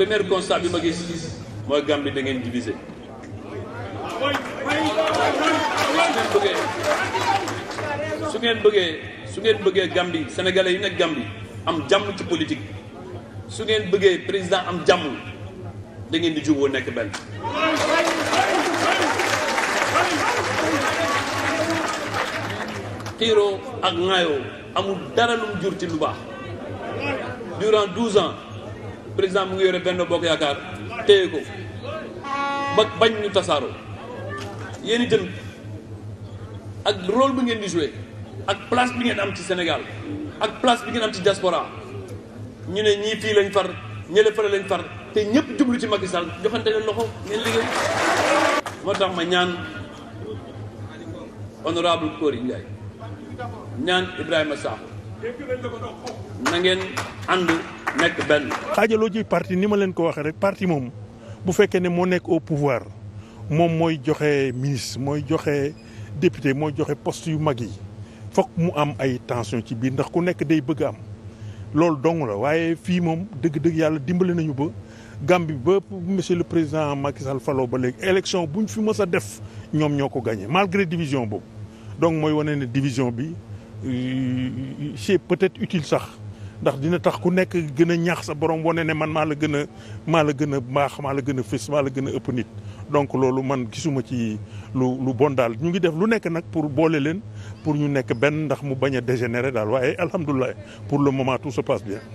premier constat bi ma gis mooy Gambie da ngeen su ngeen bëggee su ngeen bëggee su ngeen bëggee Gambie sénégalais yu nekk Gambie am jàmm ci politique su ngeen bëggee président am jàmm da ngeen di juboo nekk benn. xiiroo ak ŋaayoo amul dara lu mu jur ci lu baax président mu ngi yore benn bokk yaakaar téye ko ba bañ ñu tasaaroo yéen itam ak rôle bi ngeen di joué ak place bi ngeen am ci Sénégal ak place bi ngeen am ci diaspora ñu ne ñii fii lañ far ñële fële lañ far te ñëpp jublu ci Macky Sall joxante leen loxo ngeen liggéey moo tax ma ñaan honorable Cory Ndiaye ñaan Ibrahima Sakho na ngeen ànd nekk benn. xaajaloo ji parti ni ma leen ko waxee rek parti moom bu fekkee ne moo nekk au pouvoir moom mooy joxe ministre mooy joxe député mooy joxe post yu mag yi foog mu am ay tension ci biir ndax ku nekk day bëgg am loolu dong la waaye fii moom dëgg-dëgg yàlla dimbali nañu ba. Gambie ba monsieur le président Macky Sall faloo ba léegi élection bu ñu fi mës a def ñoom ñoo ko gagné malgré division boobu donc mooy wane ne division bi euh, c'est peut-être utile sax. ndax dina tax ku nekk gën a ñaax sa borom wane ne man maa la gën a maa la gën a baax maa la gën a fës maa la gën a ëpp nit donc loolu man gisuma ci lu lu bon daal ñu ngi def lu nekk nag pour boole leen pour ñu nekk benn ndax mu bañ a dégénérer daal waaye alhamdulilah pour le moment tout se passe bien